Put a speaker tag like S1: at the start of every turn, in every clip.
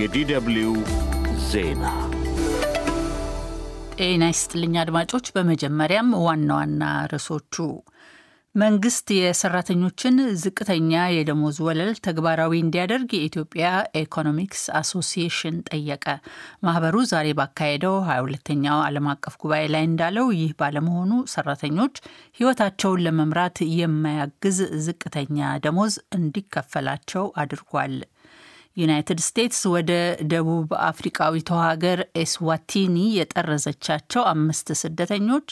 S1: የዲደብልዩ ዜና ጤና ይስጥልኝ አድማጮች። በመጀመሪያም ዋና ዋና ርዕሶቹ መንግስት የሰራተኞችን ዝቅተኛ የደሞዝ ወለል ተግባራዊ እንዲያደርግ የኢትዮጵያ ኢኮኖሚክስ አሶሲሽን ጠየቀ። ማህበሩ ዛሬ ባካሄደው 22 ተኛው ዓለም አቀፍ ጉባኤ ላይ እንዳለው ይህ ባለመሆኑ ሰራተኞች ህይወታቸውን ለመምራት የማያግዝ ዝቅተኛ ደሞዝ እንዲከፈላቸው አድርጓል። ዩናይትድ ስቴትስ ወደ ደቡብ አፍሪቃዊቷ ሀገር ኤስዋቲኒ የጠረዘቻቸው አምስት ስደተኞች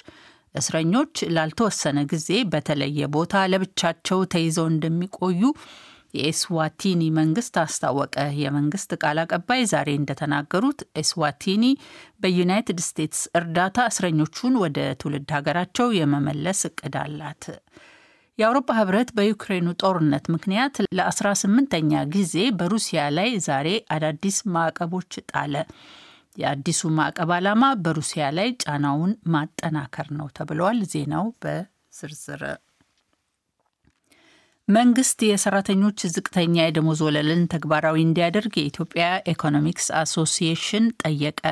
S1: እስረኞች ላልተወሰነ ጊዜ በተለየ ቦታ ለብቻቸው ተይዘው እንደሚቆዩ የኤስዋቲኒ መንግስት አስታወቀ። የመንግስት ቃል አቀባይ ዛሬ እንደተናገሩት ኤስዋቲኒ በዩናይትድ ስቴትስ እርዳታ እስረኞቹን ወደ ትውልድ ሀገራቸው የመመለስ እቅድ አላት። የአውሮፓ ህብረት በዩክሬኑ ጦርነት ምክንያት ለ18ኛ ጊዜ በሩሲያ ላይ ዛሬ አዳዲስ ማዕቀቦች ጣለ። የአዲሱ ማዕቀብ ዓላማ በሩሲያ ላይ ጫናውን ማጠናከር ነው ተብለዋል። ዜናው በዝርዝር መንግስት የሰራተኞች ዝቅተኛ የደሞዝ ወለልን ተግባራዊ እንዲያደርግ የኢትዮጵያ ኢኮኖሚክስ አሶሲዬሽን ጠየቀ።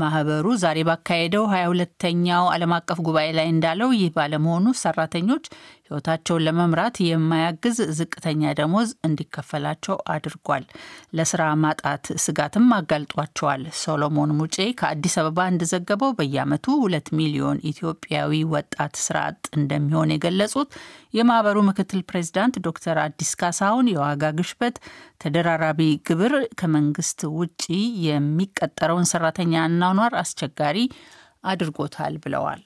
S1: ማህበሩ ዛሬ ባካሄደው 22ተኛው ዓለም አቀፍ ጉባኤ ላይ እንዳለው ይህ ባለመሆኑ ሰራተኞች ህይወታቸውን ለመምራት የማያግዝ ዝቅተኛ ደሞዝ እንዲከፈላቸው አድርጓል። ለስራ ማጣት ስጋትም አጋልጧቸዋል። ሶሎሞን ሙጬ ከአዲስ አበባ እንደዘገበው በየዓመቱ ሁለት ሚሊዮን ኢትዮጵያዊ ወጣት ስራ አጥ እንደሚሆን የገለጹት የማህበሩ ምክትል ፕሬዚዳንት ዶክተር አዲስ ካሳሁን የዋጋ ግሽበት፣ ተደራራቢ ግብር፣ ከመንግስት ውጪ የሚቀጠረውን ሰራተኛ አኗኗር አስቸጋሪ አድርጎታል ብለዋል።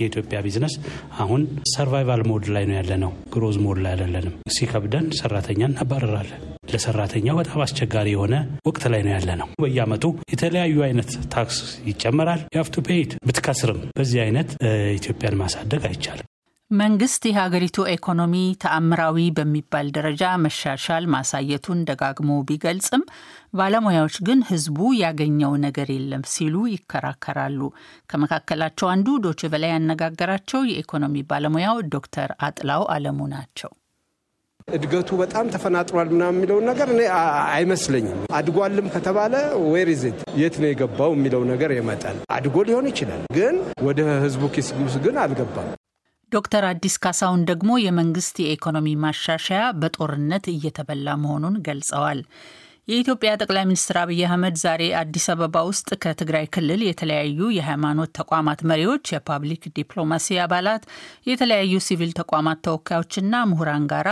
S1: የኢትዮጵያ ቢዝነስ አሁን ሰርቫይቫል ሞድ ላይ ነው ነው፣ ግሮዝ ሞድ ላይ አይደለንም። ሲከብደን ሰራተኛ እናባረራለን። ለሰራተኛው በጣም አስቸጋሪ የሆነ ወቅት ላይ ነው ነው። በየአመቱ የተለያዩ አይነት ታክስ ይጨመራል። የአፍቱ ፔይድ ብትከስርም በዚህ አይነት ኢትዮጵያን ማሳደግ አይቻልም። መንግስት የሀገሪቱ ኢኮኖሚ ተአምራዊ በሚባል ደረጃ መሻሻል ማሳየቱን ደጋግሞ ቢገልጽም ባለሙያዎች ግን ህዝቡ ያገኘው ነገር የለም ሲሉ ይከራከራሉ። ከመካከላቸው አንዱ ዶች በላይ ያነጋገራቸው የኢኮኖሚ ባለሙያው ዶክተር አጥላው አለሙ ናቸው። እድገቱ በጣም ተፈናጥሯል ምናምን የሚለውን ነገር እኔ አይመስለኝም። አድጓልም ከተባለ ዌር ኢዝ ኢት የት ነው የገባው የሚለው ነገር ይመጣል። አድጎ ሊሆን ይችላል፣ ግን ወደ ህዝቡ ኪስ ግን አልገባም። ዶክተር አዲስ ካሳውን ደግሞ የመንግስት የኢኮኖሚ ማሻሻያ በጦርነት እየተበላ መሆኑን ገልጸዋል። የኢትዮጵያ ጠቅላይ ሚኒስትር አብይ አህመድ ዛሬ አዲስ አበባ ውስጥ ከትግራይ ክልል የተለያዩ የሃይማኖት ተቋማት መሪዎች፣ የፓብሊክ ዲፕሎማሲ አባላት፣ የተለያዩ ሲቪል ተቋማት ተወካዮችና ምሁራን ጋራ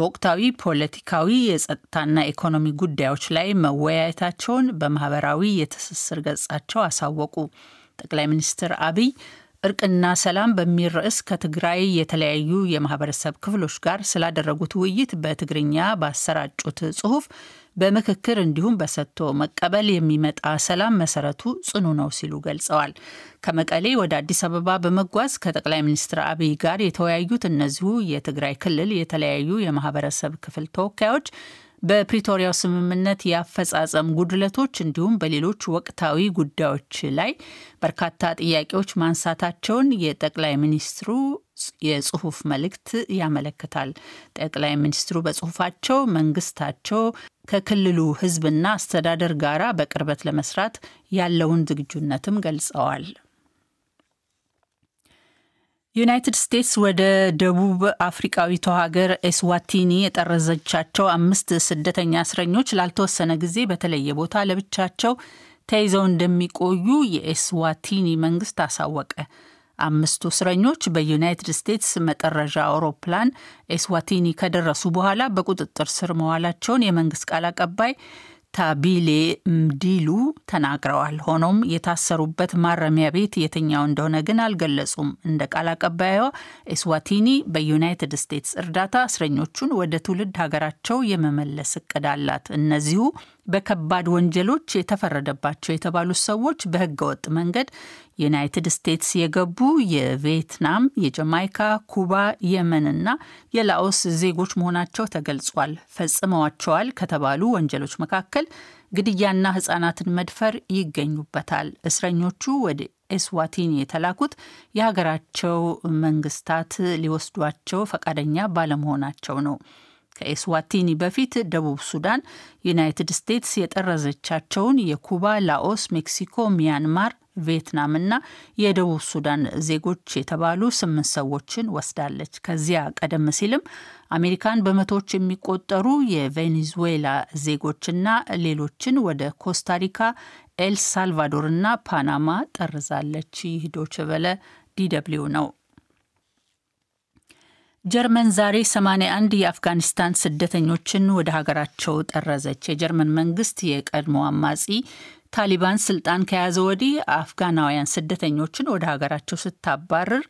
S1: በወቅታዊ ፖለቲካዊ፣ የጸጥታና ኢኮኖሚ ጉዳዮች ላይ መወያየታቸውን በማህበራዊ የትስስር ገጻቸው አሳወቁ። ጠቅላይ ሚኒስትር አብይ እርቅና ሰላም በሚል ርዕስ ከትግራይ የተለያዩ የማህበረሰብ ክፍሎች ጋር ስላደረጉት ውይይት በትግርኛ ባሰራጩት ጽሁፍ በምክክር እንዲሁም በሰጥቶ መቀበል የሚመጣ ሰላም መሰረቱ ጽኑ ነው ሲሉ ገልጸዋል። ከመቀሌ ወደ አዲስ አበባ በመጓዝ ከጠቅላይ ሚኒስትር አብይ ጋር የተወያዩት እነዚሁ የትግራይ ክልል የተለያዩ የማህበረሰብ ክፍል ተወካዮች በፕሪቶሪያው ስምምነት የአፈጻጸም ጉድለቶች እንዲሁም በሌሎች ወቅታዊ ጉዳዮች ላይ በርካታ ጥያቄዎች ማንሳታቸውን የጠቅላይ ሚኒስትሩ የጽሁፍ መልእክት ያመለክታል። ጠቅላይ ሚኒስትሩ በጽሁፋቸው መንግስታቸው ከክልሉ ህዝብና አስተዳደር ጋራ በቅርበት ለመስራት ያለውን ዝግጁነትም ገልጸዋል። ዩናይትድ ስቴትስ ወደ ደቡብ አፍሪቃዊቷ ሀገር ኤስዋቲኒ የጠረዘቻቸው አምስት ስደተኛ እስረኞች ላልተወሰነ ጊዜ በተለየ ቦታ ለብቻቸው ተይዘው እንደሚቆዩ የኤስዋቲኒ መንግስት አሳወቀ። አምስቱ እስረኞች በዩናይትድ ስቴትስ መጠረዣ አውሮፕላን ኤስዋቲኒ ከደረሱ በኋላ በቁጥጥር ስር መዋላቸውን የመንግስት ቃል አቀባይ ታቢሌ ምዲሉ ተናግረዋል። ሆኖም የታሰሩበት ማረሚያ ቤት የትኛው እንደሆነ ግን አልገለጹም። እንደ ቃል አቀባይዋ ኤስዋቲኒ በዩናይትድ ስቴትስ እርዳታ እስረኞቹን ወደ ትውልድ ሀገራቸው የመመለስ እቅድ አላት። እነዚሁ በከባድ ወንጀሎች የተፈረደባቸው የተባሉት ሰዎች በህገወጥ መንገድ ዩናይትድ ስቴትስ የገቡ የቪየትናም፣ የጀማይካ፣ ኩባ፣ የመንና የላኦስ ዜጎች መሆናቸው ተገልጿል። ፈጽመዋቸዋል ከተባሉ ወንጀሎች መካከል ግድያና ህጻናትን መድፈር ይገኙበታል። እስረኞቹ ወደ ኤስዋቲን የተላኩት የሀገራቸው መንግስታት ሊወስዷቸው ፈቃደኛ ባለመሆናቸው ነው። ከኤስዋቲኒ በፊት ደቡብ ሱዳን ዩናይትድ ስቴትስ የጠረዘቻቸውን የኩባ፣ ላኦስ፣ ሜክሲኮ፣ ሚያንማር ቪየትናምና የደቡብ ሱዳን ዜጎች የተባሉ ስምንት ሰዎችን ወስዳለች። ከዚያ ቀደም ሲልም አሜሪካን በመቶዎች የሚቆጠሩ የቬኔዙዌላ ዜጎችና ሌሎችን ወደ ኮስታሪካ፣ ኤል ሳልቫዶርና ፓናማ ጠርዛለች። ይህ ዶችቨለ ዲ ነው። ጀርመን ዛሬ 81 የአፍጋኒስታን ስደተኞችን ወደ ሀገራቸው ጠረዘች። የጀርመን መንግስት የቀድሞ አማጺ ታሊባን ስልጣን ከያዘ ወዲህ አፍጋናውያን ስደተኞችን ወደ ሀገራቸው ስታባረር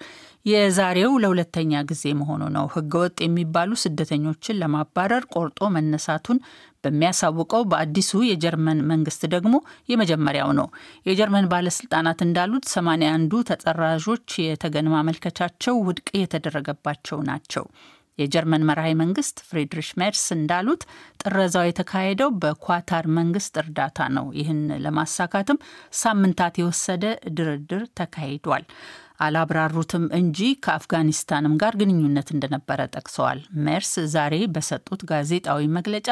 S1: የዛሬው ለሁለተኛ ጊዜ መሆኑ ነው። ህገወጥ የሚባሉ ስደተኞችን ለማባረር ቆርጦ መነሳቱን በሚያሳውቀው በአዲሱ የጀርመን መንግስት ደግሞ የመጀመሪያው ነው። የጀርመን ባለስልጣናት እንዳሉት ሰማንያ አንዱ ተጠራዦች የተገን ማመልከቻቸው ውድቅ የተደረገባቸው ናቸው። የጀርመን መራሄ መንግስት ፍሬድሪሽ ሜርስ እንዳሉት ጥረዛው የተካሄደው በኳታር መንግስት እርዳታ ነው። ይህን ለማሳካትም ሳምንታት የወሰደ ድርድር ተካሂዷል። አላብራሩትም እንጂ ከአፍጋኒስታንም ጋር ግንኙነት እንደነበረ ጠቅሰዋል። ሜርስ ዛሬ በሰጡት ጋዜጣዊ መግለጫ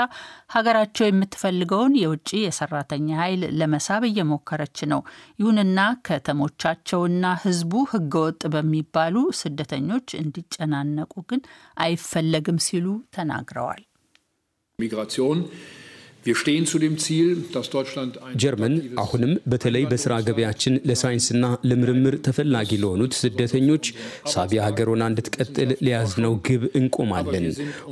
S1: ሀገራቸው የምትፈልገውን የውጭ የሰራተኛ ኃይል ለመሳብ እየሞከረች ነው። ይሁንና ከተሞቻቸውና ሕዝቡ ህገወጥ በሚባሉ ስደተኞች እንዲጨናነቁ ግን አይፈለግም ሲሉ ተናግረዋል። ሚግራሲዮን ጀርመን አሁንም በተለይ በስራ ገበያችን ለሳይንስና ለምርምር ተፈላጊ ለሆኑት ስደተኞች ሳቢ ሀገሮና እንድትቀጥል ለያዝነው ግብ እንቆማለን።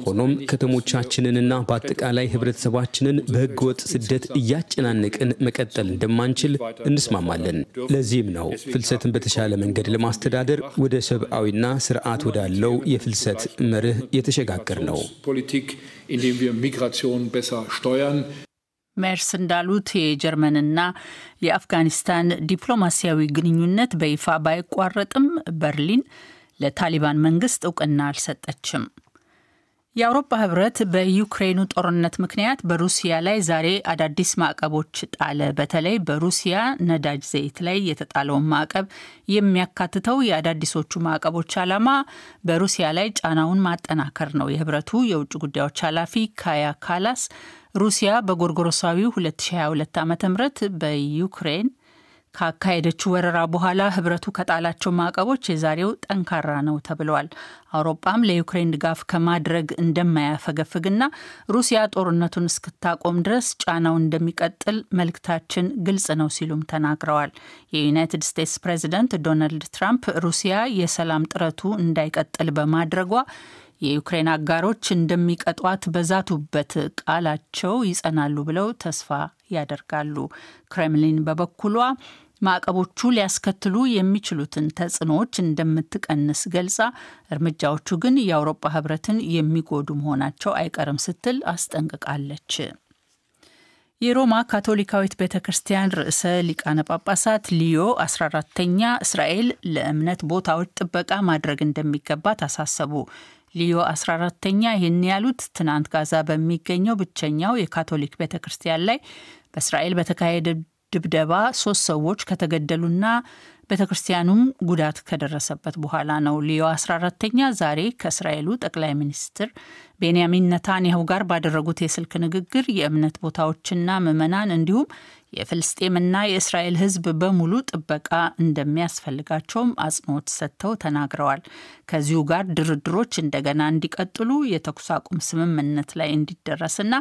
S1: ሆኖም ከተሞቻችንንና በአጠቃላይ ህብረተሰባችንን በህገ ወጥ ስደት እያጨናነቅን መቀጠል እንደማንችል እንስማማለን። ለዚህም ነው ፍልሰትን በተሻለ መንገድ ለማስተዳደር ወደ ሰብአዊና ስርዓት ወዳለው የፍልሰት መርህ የተሸጋገር ነው። Politik, indem wir Migration ሜርስ እንዳሉት የጀርመንና የአፍጋኒስታን ዲፕሎማሲያዊ ግንኙነት በይፋ ባይቋረጥም በርሊን ለታሊባን መንግስት እውቅና አልሰጠችም። የአውሮፓ ህብረት በዩክሬኑ ጦርነት ምክንያት በሩሲያ ላይ ዛሬ አዳዲስ ማዕቀቦች ጣለ። በተለይ በሩሲያ ነዳጅ ዘይት ላይ የተጣለውን ማዕቀብ የሚያካትተው የአዳዲሶቹ ማዕቀቦች ዓላማ በሩሲያ ላይ ጫናውን ማጠናከር ነው። የህብረቱ የውጭ ጉዳዮች ኃላፊ ካያ ካላስ ሩሲያ በጎርጎሮሳዊው 2022 ዓ ም በዩክሬን ካካሄደችው ወረራ በኋላ ህብረቱ ከጣላቸው ማዕቀቦች የዛሬው ጠንካራ ነው ተብለዋል። አውሮፓም ለዩክሬን ድጋፍ ከማድረግ እንደማያፈገፍግና ሩሲያ ጦርነቱን እስክታቆም ድረስ ጫናው እንደሚቀጥል መልእክታችን ግልጽ ነው ሲሉም ተናግረዋል። የዩናይትድ ስቴትስ ፕሬዚደንት ዶናልድ ትራምፕ ሩሲያ የሰላም ጥረቱ እንዳይቀጥል በማድረጓ የዩክሬን አጋሮች እንደሚቀጧት በዛቱበት ቃላቸው ይጸናሉ ብለው ተስፋ ያደርጋሉ። ክሬምሊን በበኩሏ ማዕቀቦቹ ሊያስከትሉ የሚችሉትን ተጽዕኖዎች እንደምትቀንስ ገልጻ እርምጃዎቹ ግን የአውሮፓ ህብረትን የሚጎዱ መሆናቸው አይቀርም ስትል አስጠንቅቃለች። የሮማ ካቶሊካዊት ቤተ ክርስቲያን ርዕሰ ሊቃነ ጳጳሳት ሊዮ 14ተኛ እስራኤል ለእምነት ቦታዎች ጥበቃ ማድረግ እንደሚገባ ታሳሰቡ። ሊዮ 14ተኛ ይህን ያሉት ትናንት ጋዛ በሚገኘው ብቸኛው የካቶሊክ ቤተ ክርስቲያን ላይ በእስራኤል በተካሄደ ድብደባ ሶስት ሰዎች ከተገደሉና ቤተ ክርስቲያኑም ጉዳት ከደረሰበት በኋላ ነው። ሊዮ 14ተኛ ዛሬ ከእስራኤሉ ጠቅላይ ሚኒስትር ቤንያሚን ነታንያሁ ጋር ባደረጉት የስልክ ንግግር የእምነት ቦታዎችና ምዕመናን እንዲሁም የፍልስጤምና የእስራኤል ሕዝብ በሙሉ ጥበቃ እንደሚያስፈልጋቸውም አጽንኦት ሰጥተው ተናግረዋል። ከዚሁ ጋር ድርድሮች እንደገና እንዲቀጥሉ የተኩስ አቁም ስምምነት ላይ እንዲደረስና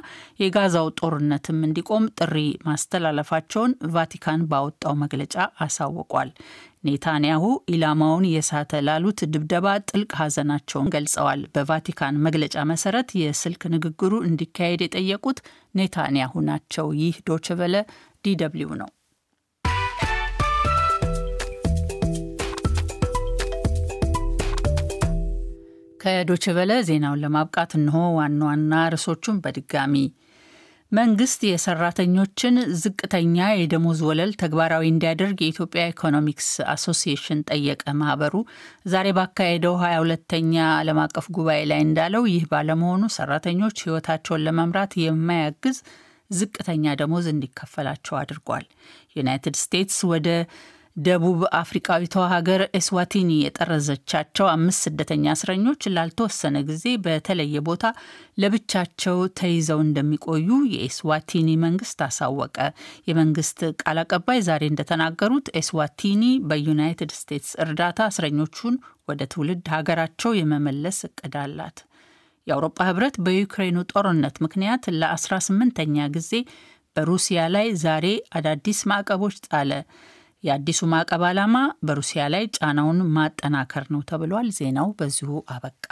S1: የጋዛው ጦርነትም እንዲቆም ጥሪ ማስተላለፋቸውን ቫቲካን ባወጣው መግለጫ አሳውቋል። ኔታንያሁ ኢላማውን የሳተ ላሉት ድብደባ ጥልቅ ሐዘናቸውን ገልጸዋል። በቫቲካን መግለጫ መሰረት የስልክ ንግግሩ እንዲካሄድ የጠየቁት ኔታንያሁ ናቸው። ይህ ዶችቨለ ዲደብሊው ነው። ከዶችቨለ ዜናውን ለማብቃት እንሆ ዋና ዋና ርዕሶቹን በድጋሚ መንግስት የሰራተኞችን ዝቅተኛ የደሞዝ ወለል ተግባራዊ እንዲያደርግ የኢትዮጵያ ኢኮኖሚክስ አሶሲዬሽን ጠየቀ። ማህበሩ ዛሬ ባካሄደው ሀያ ሁለተኛ ዓለም አቀፍ ጉባኤ ላይ እንዳለው ይህ ባለመሆኑ ሰራተኞች ህይወታቸውን ለመምራት የማያግዝ ዝቅተኛ ደሞዝ እንዲከፈላቸው አድርጓል። ዩናይትድ ስቴትስ ወደ ደቡብ አፍሪቃዊቷ ሀገር ኤስዋቲኒ የጠረዘቻቸው አምስት ስደተኛ እስረኞች ላልተወሰነ ጊዜ በተለየ ቦታ ለብቻቸው ተይዘው እንደሚቆዩ የኤስዋቲኒ መንግስት አሳወቀ። የመንግስት ቃል አቀባይ ዛሬ እንደተናገሩት ኤስዋቲኒ በዩናይትድ ስቴትስ እርዳታ እስረኞቹን ወደ ትውልድ ሀገራቸው የመመለስ እቅድ አላት። የአውሮፓ ህብረት በዩክሬኑ ጦርነት ምክንያት ለ18ኛ ጊዜ በሩሲያ ላይ ዛሬ አዳዲስ ማዕቀቦች ጣለ። የአዲሱ ማዕቀብ ዓላማ በሩሲያ ላይ ጫናውን ማጠናከር ነው ተብሏል። ዜናው በዚሁ አበቃ።